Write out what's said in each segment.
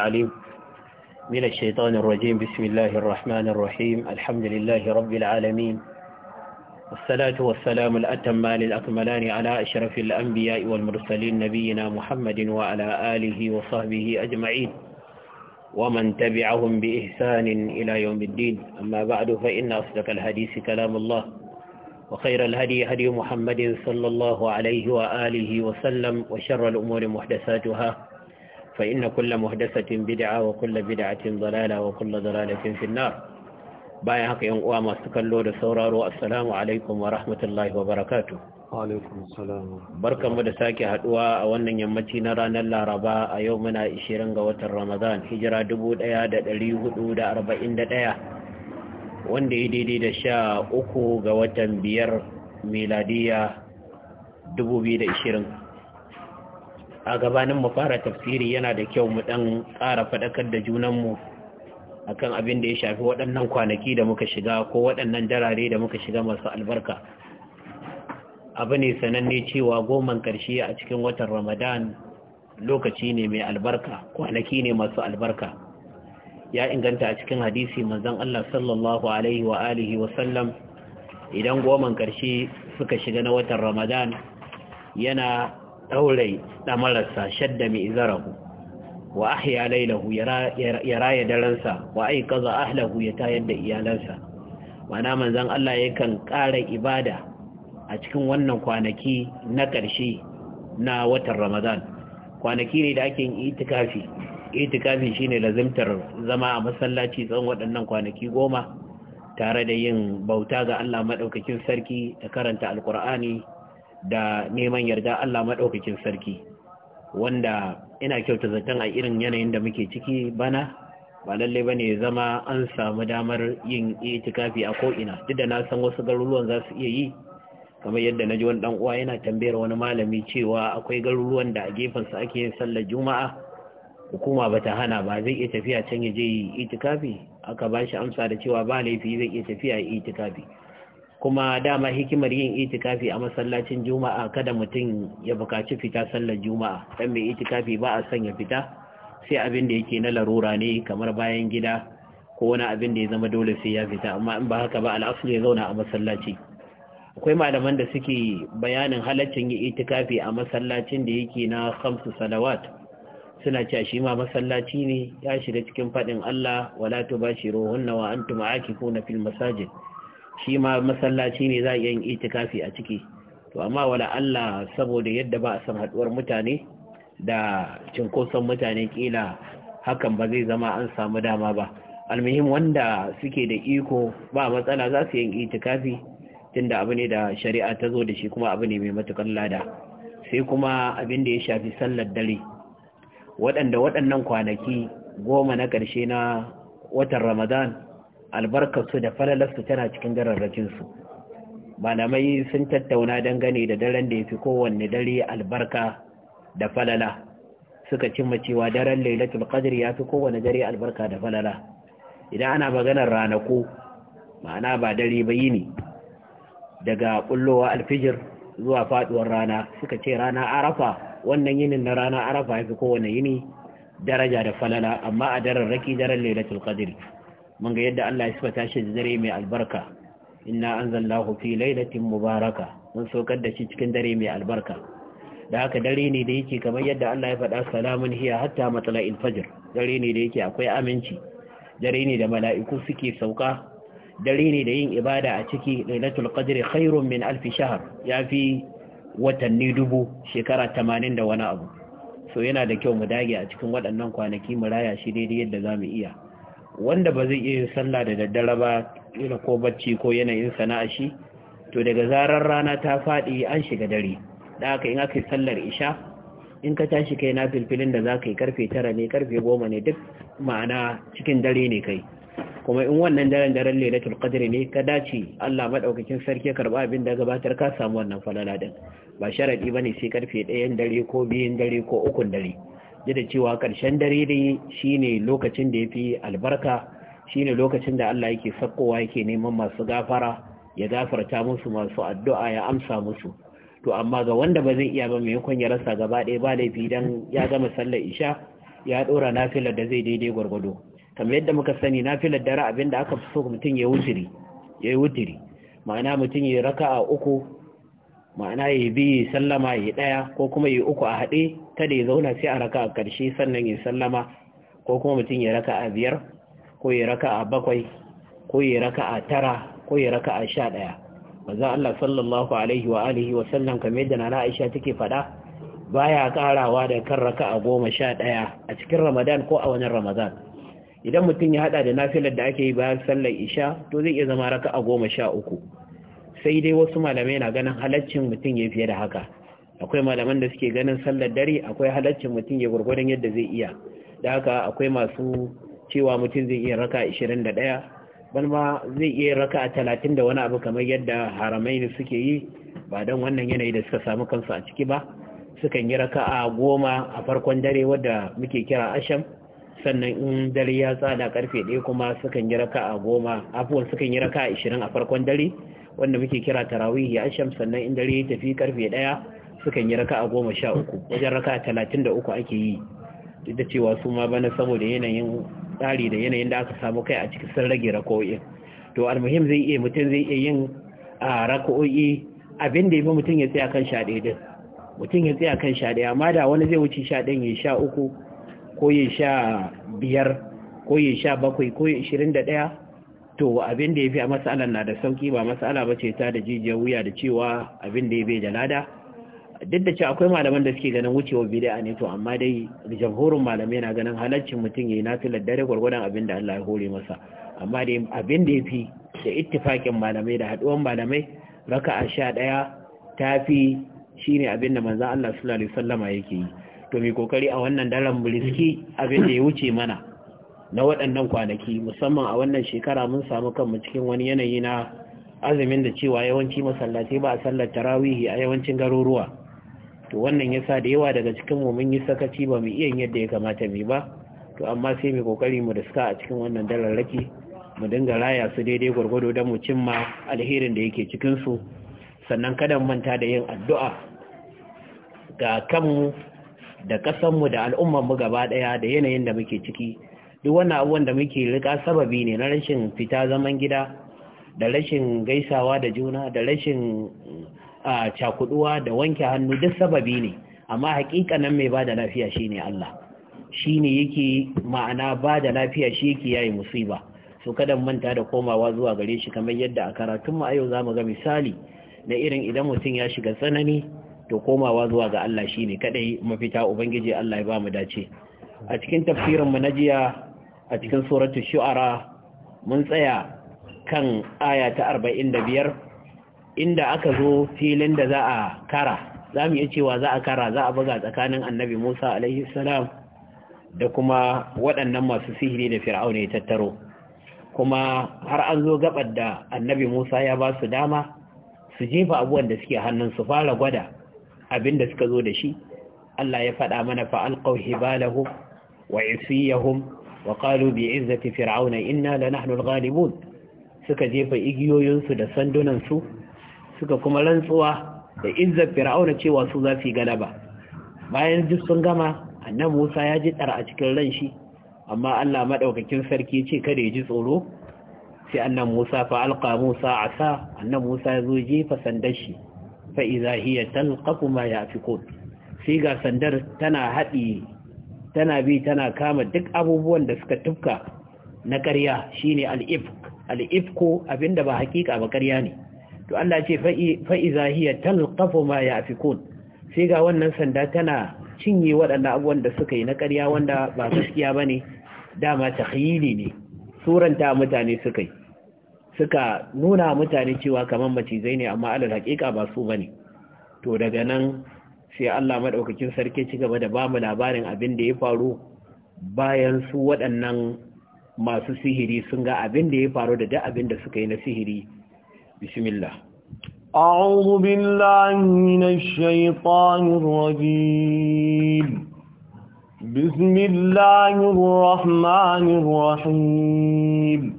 العليم من الشيطان الرجيم بسم الله الرحمن الرحيم الحمد لله رب العالمين والصلاة والسلام الأتمان الأكملان على أشرف الأنبياء والمرسلين نبينا محمد وعلى آله وصحبه أجمعين ومن تبعهم بإحسان إلى يوم الدين أما بعد فإن أصدق الحديث كلام الله وخير الهدي هدي محمد صلى الله عليه وآله وسلم وشر الأمور محدثاتها فإن كل محدثة بدعة وكل بدعة ضلالة وكل ضلالة في النار بايا حق ينقوى ما استكلوا لسوراروا السلام عليكم ورحمة الله وبركاته عليكم السلام بركة مدساكي هدوى أولا يمتين رانا اللارباء يومنا إشيرنغ وتر رمضان هجرة دبود أيادة ليهدو دا أربعين دا أيا wanda ya daidai da sha uku ga watan biyar miladiya 2020 a gabanin mu fara tafsiri yana da kyau mu dan ƙara faɗakar da junan junanmu akan abin da ya shafi waɗannan kwanaki da muka shiga ko waɗannan darare da muka shiga masu albarka abu ne sananne cewa goman ƙarshe a cikin watan ramadan lokaci ne mai albarka kwanaki ne masu albarka ya inganta a cikin hadisi manzon Allah sallallahu alaihi wa alihi wa idan goman ƙarshe suka shiga na watan ramadan yana ɗaurai ɗamararsa shadda mai zarahu wa ahya lailahu ya raya daransa wa a ahlahu ya tayar da iyalansa mana manzan Allah ya kan ƙara ibada a cikin wannan kwanaki na ƙarshe na watan ramadan kwanaki ne da ake yi itikafi itikafi shine lazimtar zama a masallaci tsawon waɗannan kwanaki goma tare da yin bauta ga Allah maɗaukakin sarki da karanta alkur'ani da neman yarda Allah maɗaukakin sarki wanda ina kyauta zaton a irin yanayin da muke ciki bana ba lalle ne ya zama an samu damar yin itikafi a ko'ina duk da na san wasu garuruwan za su iya yi kamar yadda na ji wani dan uwa yana tambayar wani malami cewa akwai garuruwan da a su ake yin sallar juma'a hukuma ba ta hana ba zai iya tafiya can ya je yi itikafi aka ba shi amsa da cewa ba laifi zai iya tafiya yi itikafi kuma dama hikimar yin itikafi a masallacin juma'a kada mutum ya bukaci fita sallar juma'a dan mai itikafi ba a son ya fita sai abin da yake na larura ne kamar bayan gida ko wani abin da ya zama dole sai ya fita amma in ba haka ba al'asul ya zauna a masallaci akwai malaman da suke bayanin halaccin yin itikafi a masallacin da yake na khamsu salawat suna cewa shi ma masallaci ne ya shiga cikin fadin Allah wala tubashiruhunna wa antum aakifuna fil masajid shi ma masallaci ne za a yin itikafi a ciki to amma wala Allah saboda yadda ba a san haduwar mutane da cinkoson mutane kila hakan ba zai zama an samu dama ba almuhim wanda suke da iko ba matsala za su yin itikafi tunda abu ne da shari'a ta zo da shi kuma abu ne mai matukar lada sai kuma abin da ya shafi sallar dare waɗanda waɗannan kwanaki goma na ƙarshe na watan ramadan albarkarsu da falalarsu tana cikin su malamai sun tattauna dangane da daren da ya fi kowanne dare albarka da falala suka cimma cewa daren lailatul qadr ya fi kowanne dare albarka da falala idan ana maganar ranaku ma'ana ba dare ba yini daga kullowa alfijir zuwa faduwar rana suka ce rana arafa wannan yinin na rana arafa ya fi kowanne yini daraja da falala amma a dararraki daren lailatul qadr mun ga yadda Allah ya saba shi da dare mai albarka inna anzalnahu fi lailatin mubaraka mun saukar da shi cikin dare mai albarka da haka dare ne da yake kamar yadda Allah ya faɗa salamun hiya hatta matla'il fajr dare ne da yake akwai aminci dare ne da mala'iku suke sauka dare ne da yin ibada a ciki lailatul qadri khairun min alf shahr yafi watanni dubu shekara 80 da wani abu so yana da kyau mu dage a cikin waɗannan kwanaki mu raya shi daidai yadda zamu iya wanda ba zai iya yin sallah da daddare ba ila ko bacci ko yanayin sana'a shi to daga zarar rana ta faɗi an shiga dare da aka in aka yi sallar isha in ka tashi kai na filfilin da za ka yi karfe tara ne karfe goma ne duk ma'ana cikin dare ne kai kuma in wannan daren daren lailatul qadr ne ka dace Allah madaukakin sarki ya karba abin da gabatar ka samu wannan falala din ba sharadi bane sai karfe 1 dare ko 2 dare ko 3 dare da cewa ƙarshen dare shi shine lokacin da ya fi albarka shine lokacin da Allah yake sakkowa yake neman masu gafara ya gafarta musu masu addu'a ya amsa musu to amma ga wanda ba zai iya ba mai yankon ya rasa gaba ɗaya ba laifi dan ya gama sallar isha ya ɗora nafilar da zai daidai gwargwado kamar yadda muka sani nafilar dare abin da aka fi so mutum ya wutiri ya yi wutiri ma'ana mutum ya raka'a uku ma'ana ya bi sallama ya ɗaya ko kuma ya uku a haɗe kada ya zauna sai a raka a ƙarshe sannan ya sallama ko kuma mutum ya raka a biyar ko ya raka a bakwai ko ya raka a tara ko ya raka a sha ɗaya maza Allah sallallahu alaihi wa alihi wa sallam kamar yadda na Aisha take faɗa baya karawa da kan raka a goma sha ɗaya a cikin Ramadan ko a wani Ramadan idan mutum ya haɗa da nafilar da ake yi bayan sallar isha to zai iya zama raka a goma sha uku sai dai wasu malamai na ganin halaccin mutum ya fiye da haka akwai malaman da suke ganin sallar dare akwai halaccin mutum ya gwargwadon yadda zai iya da haka akwai masu cewa mutum zai iya raka 21 ban ma zai iya raka talatin da wani abu kamar yadda haramaini suke yi ba don wannan yanayi da suka samu kansu a ciki ba sukan yi raka a goma a farkon dare wadda muke kira asham sannan in dare ya tsada karfe ɗaya kuma sukan yi raka a goma afuwan sukan yi raka a ishirin a farkon dare wanda muke kira tarawihi asham sannan in dare ya tafi karfe ɗaya sukan yi raka'a goma sha uku wajen raka'a talatin da uku ake yi duk da cewa su ma bana saboda yanayin tsari da yanayin da aka samu kai a cikin sun rage raka'o'in to almuhim zai iya mutum zai iya yin raka'o'i abin da ya fi mutum ya tsaya kan sha ɗaya din mutum ya tsaya kan sha ɗaya amma da wani zai wuce sha ɗayan ya sha uku ko ya sha biyar ko ya sha bakwai ko ya ishirin da ɗaya to abin da ya fi a matsalar na da sauki ba matsala ba ce ta da jijiyar wuya da cewa abin da ya bai da lada duk da ce akwai malaman da suke ganin wucewa bid'a ne to amma dai jamhurin malamai na ganin halaccin mutum yayi nafilar dare gwargwadon abin da Allah ya hore masa amma dai abin da fi da ittifakin malamai da haduwan malamai raka'a 11 tafi shine abin da manzon Allah sallallahu alaihi wasallama yake yi to mai kokari a wannan daren riski abin da ya wuce mana na waɗannan kwanaki musamman a wannan shekara mun samu kanmu cikin wani yanayi na azumin da cewa yawanci masallatai ba a sallar tarawihi a yawancin garuruwa to wannan yasa da yawa daga cikin mu mun yi sakaci ba mu iya yadda ya kamata mu ba to amma sai mu kokari mu da suka a cikin wannan dalarraki mu dinga raya su daidai gwargwado don mu cimma alherin da yake cikin su sannan kada mu manta da yin addu'a ga kanmu da mu da al'ummar mu gaba ɗaya da yanayin da muke ciki duk wannan abubuwan da muke rika sababi ne na rashin fita zaman gida da rashin gaisawa da juna da rashin cakuduwa da wanke hannu duk sababi ne amma nan mai bada lafiya shine Allah shine yake ma'ana bada lafiya shi yake yayi musiba so kada manta da komawa zuwa gare shi kamar yadda a karatun mu a yau zamu ga misali na irin idan mutum ya shiga tsanani to komawa zuwa ga Allah shine kadai mafita ubangiji Allah ya bamu dace a cikin tafsirin mu na jiya a cikin suratul shu'ara mun tsaya kan aya ta biyar. inda aka zo filin da za a kara za mu iya cewa za a kara za a buga tsakanin annabi musa alaihi da kuma waɗannan masu sihiri da fir'auna ya tattaro kuma har an zo gabar da annabi musa ya ba su dama su jefa abuwan da suke hannun su fara gwada abin da suka zo da shi allah ya faɗa mana fa'alƙau hibalahum wa isiyahum wa qalu bi'izzati fir'auna inna lanahnu al galibun suka jefa igiyoyinsu da sandunansu suka kuma rantsuwa da izzar fir'auna cewa su za su yi galaba bayan duk sun gama annabi Musa ya ji tsara a cikin ran shi amma Allah maɗaukakin sarki ce kada ya ji tsoro sai annan Musa fa alka Musa a sa annan Musa ya zo jefa sandar shi fa iza hiya talqafu ma yafikun sai ga sandar tana haɗi tana bi tana kama duk abubuwan da suka tufka na ƙarya shine al-ifk abin da abinda ba hakika ba ƙarya ne to Allah ce fa'iza hiya talqafu ma yafikun sai ga wannan sanda tana cinye waɗannan abubuwan da suka yi na ƙarya wanda ba gaskiya bane dama takhyili ne suranta mutane suka yi suka nuna mutane cewa kamar macizai ne amma alal haƙiƙa ba su bane to daga nan sai Allah madaukakin sarki ci gaba da ba mu labarin abin da ya faru bayan su waɗannan masu sihiri sun ga abin da ya faru da duk abin da suka yi na sihiri بسم الله أعوذ بالله من الشيطان الرجيم بسم الله الرحمن الرحيم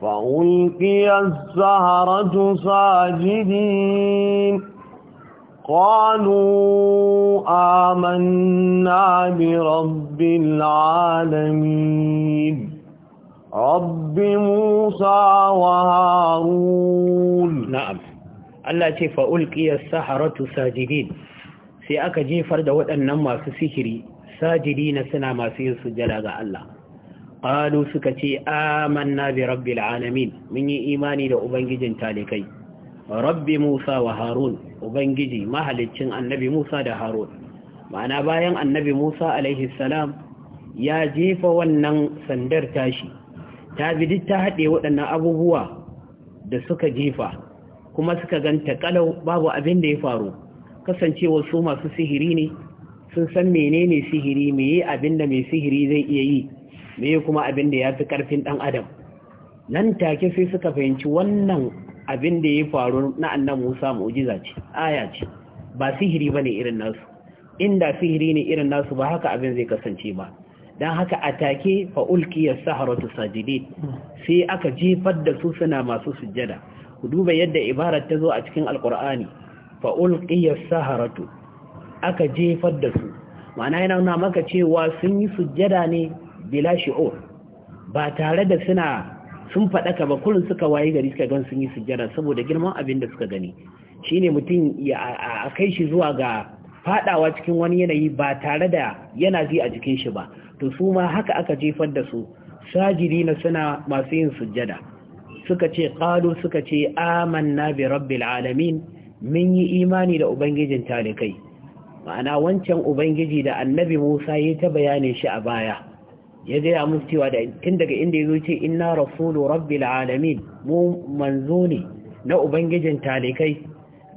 فألقي السهرة ساجدين قالوا آمنا برب العالمين رب موسى وهارون نعم الله ce fa'ulƙiyar saharatu sajidin sai aka jefar da waɗannan masu sihiri sajidi na suna masu yin sujada ga Allah ƙalu suka ce amanna bi rabbil alamin mun yi imani da ubangijin talikai rabbi musa wa harun ubangiji mahaliccin annabi musa da harun ma'ana bayan annabi musa alaihi salam ya jefa wannan sandar tashi ta bi ta haɗe waɗannan abubuwa da suka jefa kuma suka ganta kalau babu abin da ya faru kasancewa su masu sihiri ne sun san menene sihiri meye abin da mai sihiri zai iya yi meye kuma abin da ya fi karfin ɗan adam nan take sai suka fahimci wannan abin da ya faru na annan musa mu'jiza ce aya ce ba sihiri bane irin nasu inda sihiri ne irin nasu ba haka abin zai kasance ba don haka a take fa'ulkiyar saharatu sajide sai aka jefar da su suna masu sujjada ku duba yadda ibarar ta zo a cikin alkur'ani fa'ulkiyar saharatu aka jefar da su ma'ana yana nuna maka cewa sun yi sujjada ne bila shi'ur ba tare da suna sun faɗaka ba kullum suka waye gari suka gan sun yi sujjada saboda girman abin da suka gani shine mutum a kai shi zuwa ga fadawa cikin wani yanayi ba tare da yana ji a jikin shi ba to su ma haka aka jefar da su Sajirina suna masu yin sujjada suka ce qalu suka ce amanna bi rabbil alamin mun yi imani da ubangijin talikai ma'ana wancan ubangiji da annabi Musa ya ta bayanin shi a baya ya gaya musu cewa da tun daga inda ya zo ce inna rasulu rabbil alamin mu manzo ne na ubangijin talikai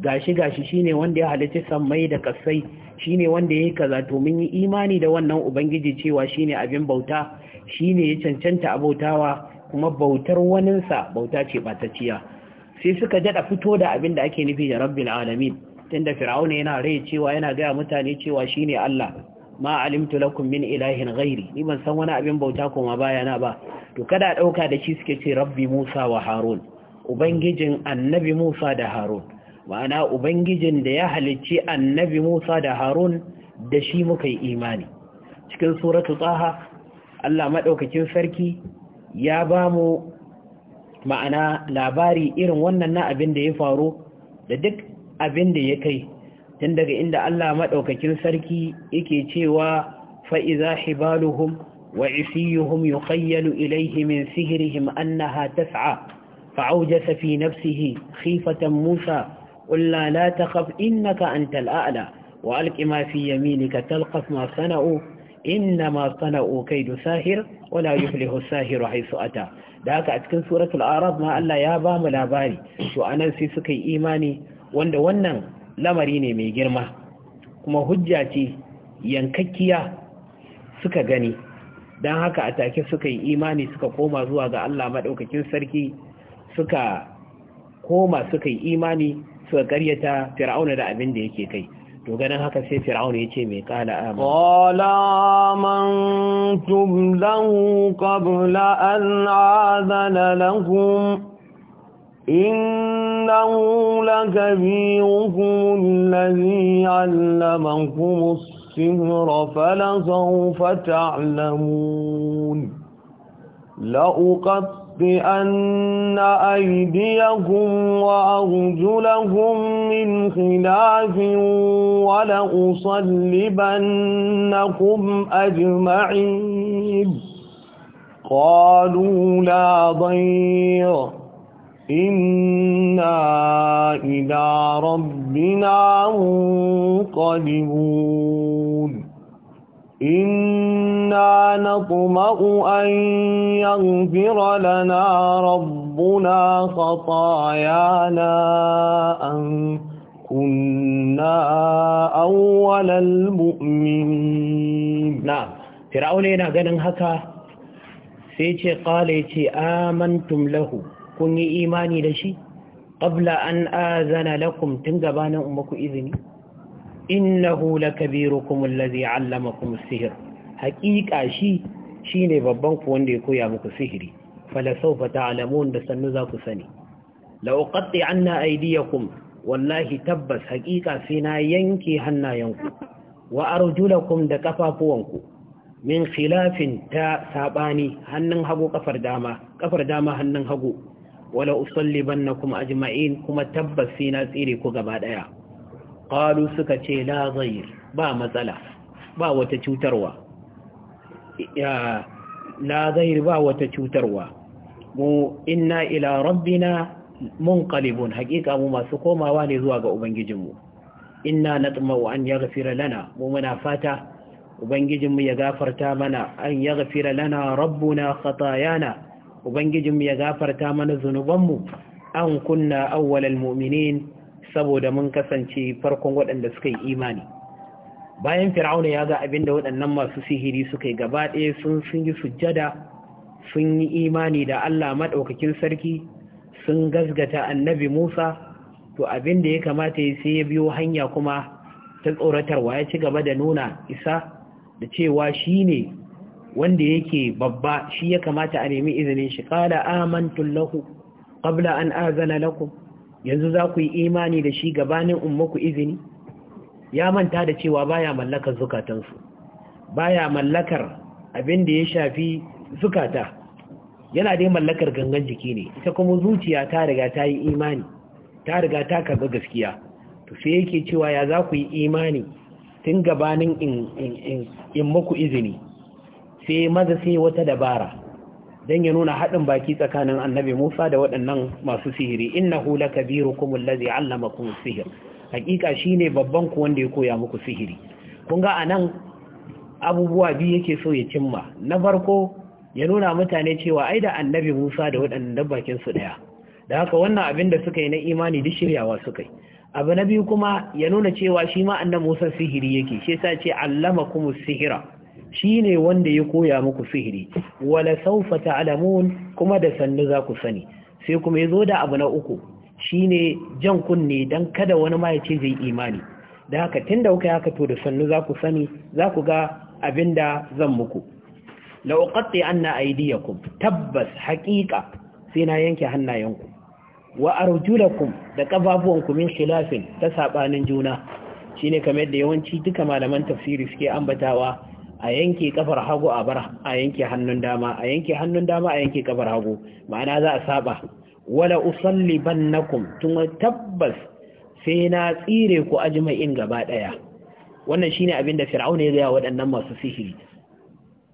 gashi gashi shine wanda ya halarci sammai da kasai Shi ne wanda ya yi kaza to mun yi imani da wannan ubangiji cewa shi ne abin bauta shi ne ya cancanta abautawa kuma bautar waninsa bauta ce batacciya sai suka jada fito da abin da ake nufi da rabbin alamin tunda fir'auna yana rai cewa yana gaya mutane cewa shi ne Allah ma alimtu lakum min ilahin ghairi ni ban san wani abin bauta kuma baya na ba to kada ɗauka da shi suke ce rabbi Musa wa Harun ubangijin annabi Musa da Harun ma'ana ubangijin da ya halicci annabi Musa da Harun da shi muka yi imani cikin suratu tsaha Allah maɗaukakin sarki ya ba mu ma'ana labari irin wannan na abin da ya faru da duk abin da ya kai tun daga inda Allah maɗaukakin sarki yake cewa fa'iza hibaluhum wa isiyuhum yukhayyalu ilaihi min sihirihim annaha tas'a fa'aujasa fi nafsihi khifatan Musa qulla la takhaf innaka antal a'la wa alqi ma fi yaminika talqaf kai sana'u innama sana'u kaydu sahir wa la yuflihu sahir haythu ata da haka a cikin suratul arab ma Allah ya ba mu labari to anan sai suka yi imani wanda wannan lamari ne mai girma kuma hujja ce yankakkiya suka gani dan haka a take suka yi imani suka koma zuwa ga Allah maɗaukakin sarki suka koma suka yi imani suka karyata fir'auna da abin da yake kai to ganin haka sai fir'auna yace me mai kala amin qala amantum lahu qabla an azana lakum innahu lakabirukum allazi 'allamakum as-sihra sawfa ta'lamun la uqat بأن أيديهم وأرجلهم من خلاف ولأصلبنكم أجمعين قالوا لا ضير إنا إلى ربنا منقلبون إنا نطمع أن يغفر لنا ربنا خطايانا أن كنا أول المؤمنين نعم فرعون yana ganin haka sai ce kale ce amantum lahu kun yi imani da shi qabla an azana lakum tun gabanin ummaku izini innahu lakabirukum allazi allamakum as-sihr haqiqa shi shine babban ku wanda ya koya muku sihiri fala ta'lamun da sannu za ku sani la uqatti anna aydiyakum wallahi tabbas haqiqa sai na yanke hannayenku wa arjulakum da kafafuwanku min khilafin ta sabani hannun hagu kafar dama kafar dama hannun hagu wala usallibannakum ajma'in kuma tabbas sai na tsire ku gaba daya qalu suka ce la ba matsala ba wata cutarwa ya la zayir ba wata cutarwa mu inna ila rabbina ƙalibun, haƙiƙa mu masu komawa ne zuwa ga ubangijinmu inna natma'u an yaghfira lana mu muna fata ubangijinmu ya gafarta mana an yaghfira lana rabbuna khatayana ubangijinmu ya gafarta mana zunubanmu an kunna awwalal mu'minin saboda mun kasance farkon waɗanda suka yi imani bayan fir'auna ya ga abin da waɗannan masu sihiri suka yi gaba ɗaya sun sun yi sujjada sun yi imani da Allah maɗaukakin sarki sun gasgata annabi Musa to abin da ya kamata ya sai ya biyo hanya kuma ta tsoratarwa ya ci gaba da nuna isa da cewa shi ne wanda yake babba shi ya kamata a nemi izinin shi qala amantun lahu kabla an azana lakum yanzu za ku yi imani da shi gabanin ku izini ya manta da cewa baya mallakar zukatansu baya mallakar abin da ya shafi zukata yana dai mallakar gangan jiki ne ita kuma zuciya ta riga ta yi imani ta riga ta karɓi gaskiya to sai yake cewa ya za ku yi imani tun gabanin in muku izini sai maza sai wata dabara don ya nuna haɗin baki tsakanin annabi Musa da waɗannan masu sihiri innahu lakabirukum allazi allamakum sihir hakika shine babban ku wanda ya koya muku sihiri kun ga anan abubuwa biyu yake so ya cimma na farko ya nuna mutane cewa ai da annabi Musa da waɗannan dabbakin su daya da haka wannan abin da suka yi na imani duk shiryawa suka yi abu na biyu kuma ya nuna cewa shi ma annabi Musa sihiri yake shi yasa ce kuma sihira Shi ne wanda ya koya muku sihiri wala saufa ta'lamun kuma da sannu za ku sani sai kuma yazo da abu na uku shine jan kunne dan kada wani ma ya ce zai imani da haka tunda kuka haka to da sannu za ku sani za ku ga abinda zan muku la uqatti anna aydiyakum tabbas haqiqa sai na yanke hannayenku wa arjulakum da kafafuwanku min khilafin ta sabanin juna shine kamar yadda yawanci duka malaman tafsiri suke ambatawa a yanke kafar hagu a bar a yanke hannun dama a yanke hannun dama a yanke kafar hagu ma'ana za a saba wala usallibannakum tun tabbas sai na tsire ku ajma'in gaba daya wannan shine abin da fir'auna ya ga waɗannan masu sihiri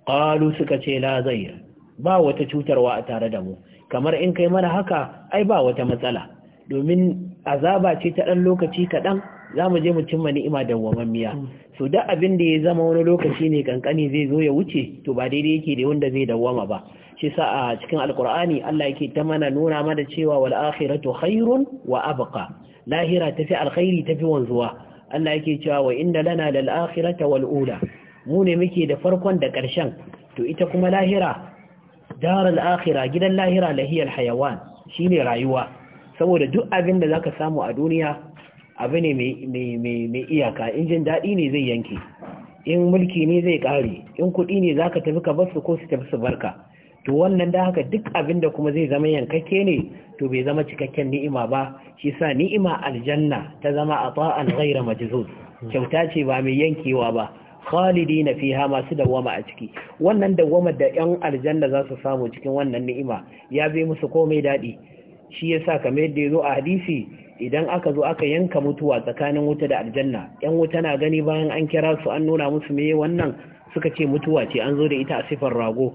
qalu suka ce la zair ba wata cutarwa a tare da mu kamar in kai mana haka ai ba wata matsala domin azaba ce ta dan lokaci kadan za mu je mu cimma ni'ima dawwamammiya mm. so da abin da ya zama wani lokaci ne kankani zai zo ya wuce to ba daidai yake da wanda zai dawwama ba shi sa a cikin alkur'ani Allah yake ta mana nuna mana cewa wal akhiratu khairun wa abqa lahira tafi alkhairi tafi wanzuwa Allah yake cewa wa inda lana da akhirata wal ula mu ne muke da farkon da karshen to ita kuma lahira darul akhirah gidan lahira lahiyal hayawan shine rayuwa saboda duk abin da zaka samu a duniya abu ne mai iyaka in jin daɗi ne zai yanke in mulki ne zai ƙare in kuɗi ne za ka tafi ka basu ko su tafi su barka to wannan da haka duk abin da kuma zai zama yankakke ne to bai zama cikakken ni'ima ba shi sa ni'ima aljanna ta zama a ta'an ghaira majzuz kyauta ce ba mai yankewa ba khalidi na fiha masu dawama a ciki wannan dawama da yan aljanna za su samu cikin wannan ni'ima ya bi musu komai daɗi shi yasa kamar yadda ya zo a hadisi idan aka zo aka yanka mutuwa tsakanin wuta da aljanna yan wuta na gani bayan an kira su an nuna musu meye wannan suka ce mutuwa ce an zo da ita a sifar rago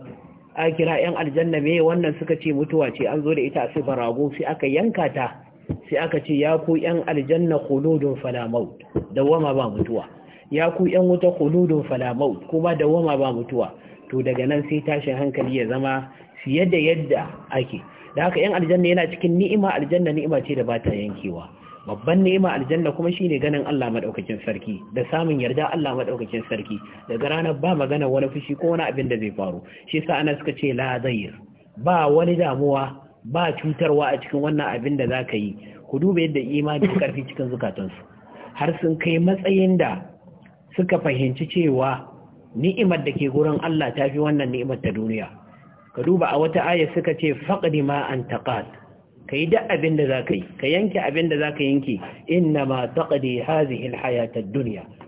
a kira yan aljanna meye wannan suka ce mutuwa ce an zo da ita a sifar rago sai aka yanka ta sai aka ce ya ku yan aljanna khuludun fala maut dawama ba mutuwa ya ku yan wuta khuludun fala maut kuma dawama ba mutuwa to daga nan sai tashin hankali ya zama fiye da yadda ake da haka yan aljanna yana cikin ni'ima aljanna ni'ima ce da bata yankewa babban ni'ima aljanna kuma shine ganin Allah madaukakin sarki da samun yarda Allah madaukakin sarki daga ranar ba magana wani fushi ko wani abin da zai faru shi yasa ana suka ce la zayr ba wani damuwa ba cutarwa a cikin wannan abin da zaka yi ku duba yadda imani karfi cikin zukatansu har sun kai matsayin da suka fahimci cewa ni'imar da ke gurin Allah ta fi wannan ni'imar ta duniya ka duba a wata aya suka ce faqdi ma an taqat kai da abin da zaka yi ka yanke abin da zaka yanke inna ma taqdi hadhihi alhayata ad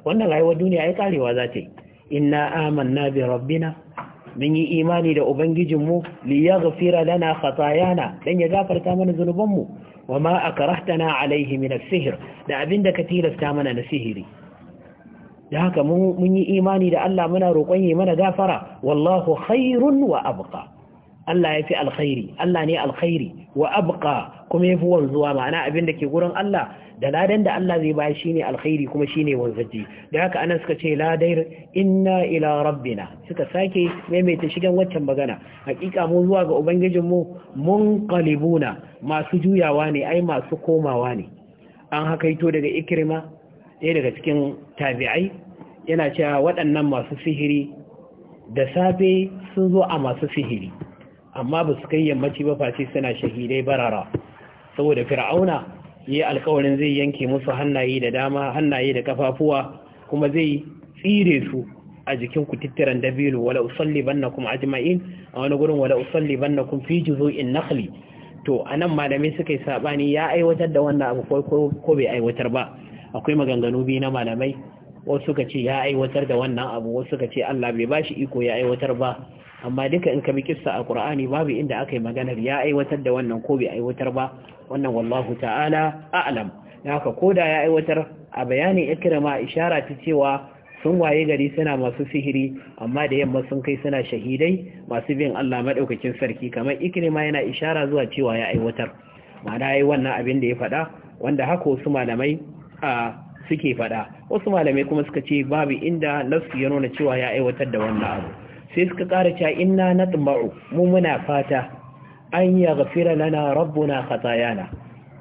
wannan rayuwar duniya ya karewa za ta yi inna amanna bi rabbina mun yi imani da ubangijinmu li yaghfira lana khatayana dan ya gafarta mana zunubanmu wama akrahtana alaihi min sihir da abin da ka tilasta mana na sihiri da haka mun yi imani da Allah muna roƙon yi mana gafara wallahu khairun wa abqa Allah ya fi alkhairi Allah ne alkhairi wa abqa kuma yafi wanzuwa ma'ana abin da ke gurin Allah da ladan da Allah zai shi shine alkhairi kuma shine wanzaji da haka anan suka ce la dair inna ila rabbina suka sake maimaita shigan waccan magana hakika mu zuwa ga ubangijin mu mun munqalibuna masu juyawa ne ai masu komawa ne an hakaito daga ikirma, ɗaya daga cikin tabi'ai yana cewa waɗannan masu sihiri da safe sun zo a masu sihiri amma ba su kai yammaci ba face suna shahidai barara saboda fir'auna ya yi alkawarin zai yanke musu hannaye da dama hannaye da kafafuwa kuma zai tsire su a jikin ku tittiran dabilu wala usalli bannakum ajma'in a wani gurin wala usalli bannakum fi juzu'in nakhli to anan malamai suka yi sabani ya aiwatar da wannan abu ko ko bai aiwatar ba akwai maganganu biyu na malamai wasu suka ce ya aiwatar da wannan abu wasu suka ce Allah bai bashi iko ya aiwatar ba amma duka in ka bi kissa a Qur'ani babu inda aka yi maganar ya aiwatar da wannan ko bai aiwatar ba wannan wallahu ta'ala a'lam haka koda ya aiwatar a bayanin ikrama ishara ta cewa sun waye gari suna masu sihiri amma da yamma sun kai suna shahidai masu bin Allah madaukakin sarki kamar ikrima yana ishara zuwa cewa ya aiwatar ma'ana yayi wannan abin da ya faɗa wanda haka wasu malamai a suke faɗa, wasu malamai kuma suka ce babu inda nasu ya nuna cewa ya aiwatar da wannan abu sai suka ƙara cewa inna natma'u mu muna fata an ya gafira lana rabbuna khatayana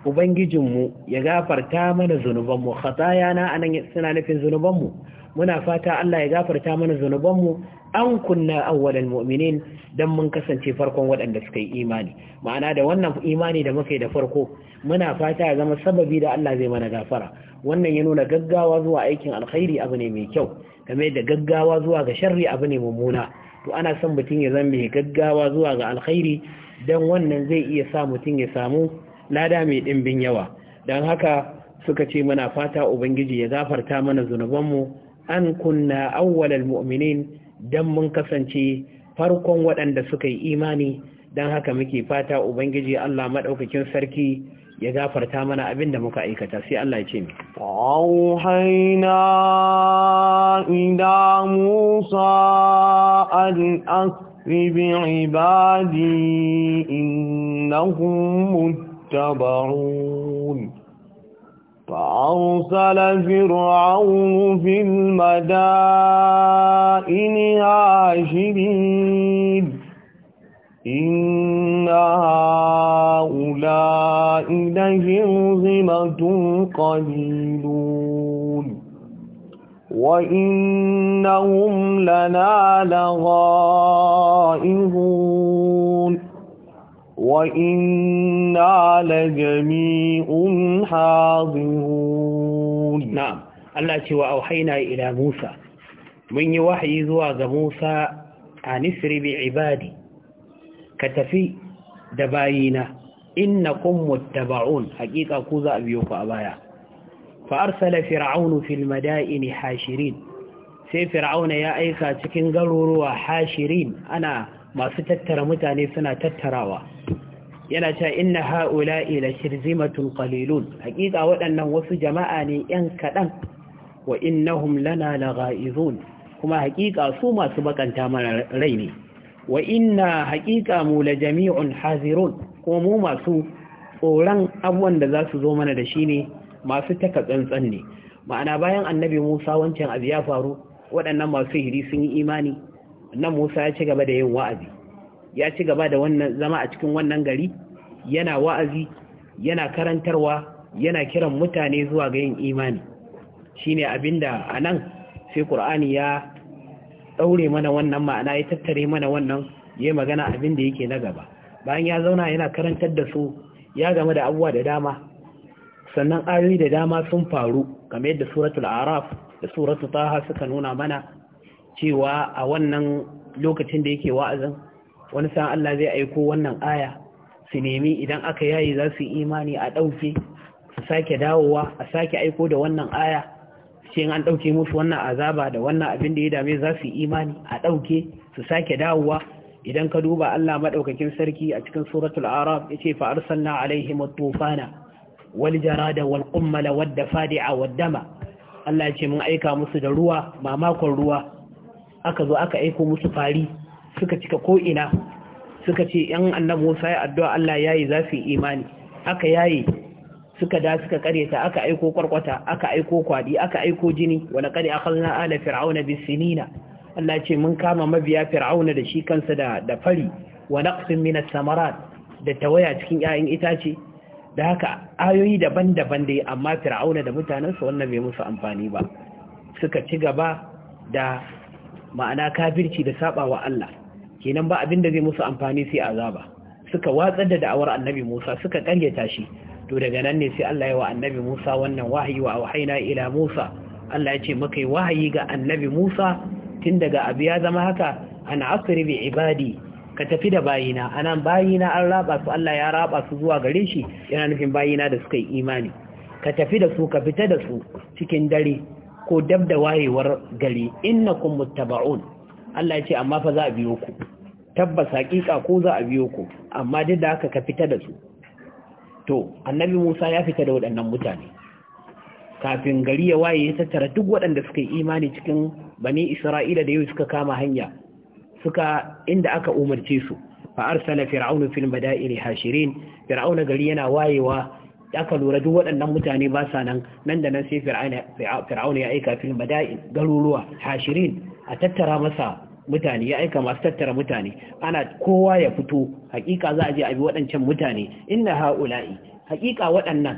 ubangijinmu ya gafarta mana zunubanmu khatayana anan suna nufin zunubanmu muna fata Allah ya gafarta mana mu an kunna awwalal mu'minin dan mun kasance farkon waɗanda suka yi imani ma'ana da wannan imani da muka yi da farko muna fata ya zama sababi da Allah zai mana gafara wannan ya nuna gaggawa zuwa aikin alkhairi abu ne mai kyau game da gaggawa zuwa ga sharri abu ne mummuna to ana son mutum ya zama mai gaggawa zuwa ga alkhairi dan wannan zai iya sa mutum ya samu lada mai dimbin yawa dan haka suka ce muna fata ubangiji ya gafarta mana zunubanmu an kunna awwalal mu'minin dan mun kasance farkon waɗanda suka yi imani dan haka muke fata ubangiji Allah maɗaukakin sarki ya gafarta mana abin da muka aikata sai Allah ya ce mi auhayna ila musa an asri ibadi innahum muttaba'un فأرسل فرعون في المدائن هاشمين إن هؤلاء لشرذمة قليلون وإنهم لنا لغائبون وإنا لجميع حاضرون نعم Allah cewa auhaina ila Musa mun yi wahayi zuwa ga Musa a nisri bi ibadi ka tafi da bayina innakum muttaba'un hakika ku za a biyo ku a baya fa arsala fir'aunu fil madaini hashirin sai fir'auna ya aika cikin garuruwa hashirin ana masu tattara mutane suna tattarawa yana cewa inna ha'ula'i la shirzimatun qalilun hakika waɗannan wasu jama'a ne yan kaɗan wa innahum lana lagha'izun kuma hakika su masu bakanta mana rai ne wa inna hakika mu la jami'un hazirun kuma mu masu tsoron abuwan da za su zo mana da shi ne masu taka tsantsan ne ma'ana bayan annabi Musa wancan abu ya faru waɗannan masu hiri sun yi imani nan Musa ya ci gaba da yin wa'azi ya ci gaba da wannan zama a cikin wannan gari yana wa'azi yana karantarwa yana kiran mutane zuwa ga yin imani shine abinda anan sai Qur'ani ya daure mana wannan ma'ana ya tattare mana wannan yayi magana abin abinda yake na gaba bayan ya zauna yana karantar da su ya game da abuwa da dama sannan ayoyi da dama sun faru kamar yadda suratul araf da suratul taha suka nuna mana cewa a wannan lokacin da yake wa'azin wani sa'an Allah zai aiko wannan aya su nemi idan aka yayi za su imani a ɗauke su sake dawowa a sake aiko da wannan aya ce an ɗauke musu wannan azaba da wannan abin da ya dame za su imani a ɗauke su sake dawowa idan ka duba Allah maɗaukakin sarki a cikin suratul arab ya ce fa'arsalna alaihim tufana wal jarada wal qummala wad dafadi'a Allah ya ce mun aika musu da ruwa mamakon ruwa aka zo aka aiko musu fari suka cika ko'ina suka ce ‘yan annabi Musa ya addu'a Allah ya yi zafi imani aka yaye suka da suka karyata aka aiko kwarkwata aka aiko kwadi aka aiko jini wani kare akalna ala fir'auna bis sinina Allah ce mun kama mabiya fir'auna da shi kansa da da fari wa naqsin min samarat da tawaya cikin 'ya'yan itace da haka ayoyi daban-daban dai amma fir'auna da mutanensa wannan bai musu amfani ba suka ci gaba da ma'ana kafirci da saba Allah kenan ba abin da zai musu amfani sai azaba suka watsar da da'awar annabi Musa suka karyata shi to daga nan ne sai Allah ya wa annabi Musa wannan wahayi wa auhayna ila Musa Allah ya ce makai wahayi ga annabi Musa tun daga abu ya zama haka ana asri bi ibadi ka tafi da bayina anan bayina an raba su Allah ya raba su zuwa gare shi yana nufin bayina da suka yi imani ka tafi da su ka fita da su cikin dare ko dab da wayewar gari inna kun muttaba'un Allah ya ce amma fa za a biyo ku tabbas haƙiƙa ko za a biyo ku amma duk da haka ka fita da su to annabi Musa ya fita da waɗannan mutane kafin gari ya waye ya tattara duk waɗanda suka yi imani cikin bani Isra'ila da yau suka kama hanya suka inda aka umarce su fa arsala fir'aunu fil madairi hashirin fir'auna gari yana wayewa aka lura duk waɗannan mutane ba sa nan nan da nan sai fir'auna ya aika fil madain garuruwa hashirin a tattara masa mutane ya aika masu tattara mutane ana kowa ya fito hakika za a je a bi waɗancan mutane inna haula'i hakika waɗannan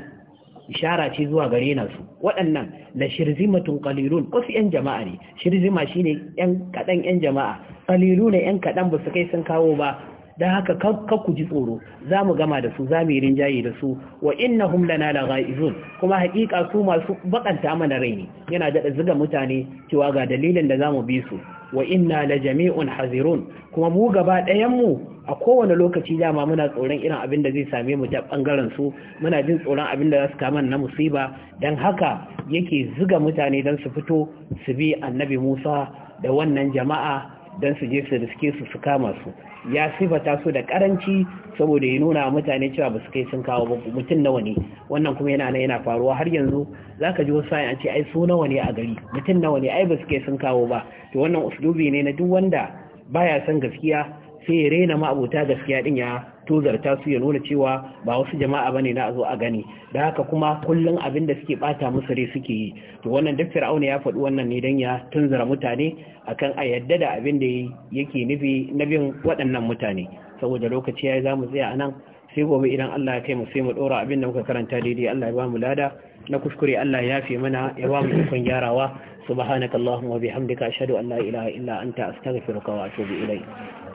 ishara ce zuwa gare na su waɗannan la shirzimatun qalilun wasu yan jama'a ne shirzima shine yan kaɗan yan jama'a kalilu ne yan kaɗan ba su kai sun kawo ba don haka kan ku ji tsoro za mu gama da su za mu yi rinjaye da su wa inna lana la ghaizun kuma haƙiƙa su masu baƙanta mana rai ne yana da zuga mutane cewa ga dalilin da zamu bi su wa inna la jami'un hazirun kuma mu gaba ɗayan mu a kowane lokaci dama muna tsoron irin abin da zai same mu ta bangaren su muna jin tsoron abin da za su kama na musiba dan haka yake zuga mutane don su fito su bi annabi Musa da wannan jama'a don su je su riske su su kama su ya sifata su da karanci saboda ya nuna mutane cewa ba su kai sun kawo ba mutum nawa ne wannan kuma yana yana faruwa har yanzu za ka ji wasu an ce ai su nawa ne a gari mutum nawa ne ai ba su kai sun kawo ba to wannan uslubi ne na duk wanda baya son gaskiya sai ya rena ma'abuta gaskiya din ya tozarta su ya nuna cewa ba wasu jama'a bane na zo a gani da haka kuma kullun abin da suke bata musu rai suke yi to wannan duk fir'auna ya faɗi wannan ne dan ya tunzura mutane akan a yadda da abin da yake nufi na nabin waɗannan mutane saboda lokaci ya yayi zamu tsaya anan sai gobe idan Allah ya kai mu sai mu dora abin da muka karanta daidai Allah ya ba mu lada na kuskure Allah ya yafe mana ya ba mu ikon gyarawa subhanakallahumma wa bihamdika ashhadu an la ilaha illa anta astaghfiruka wa atubu ilayk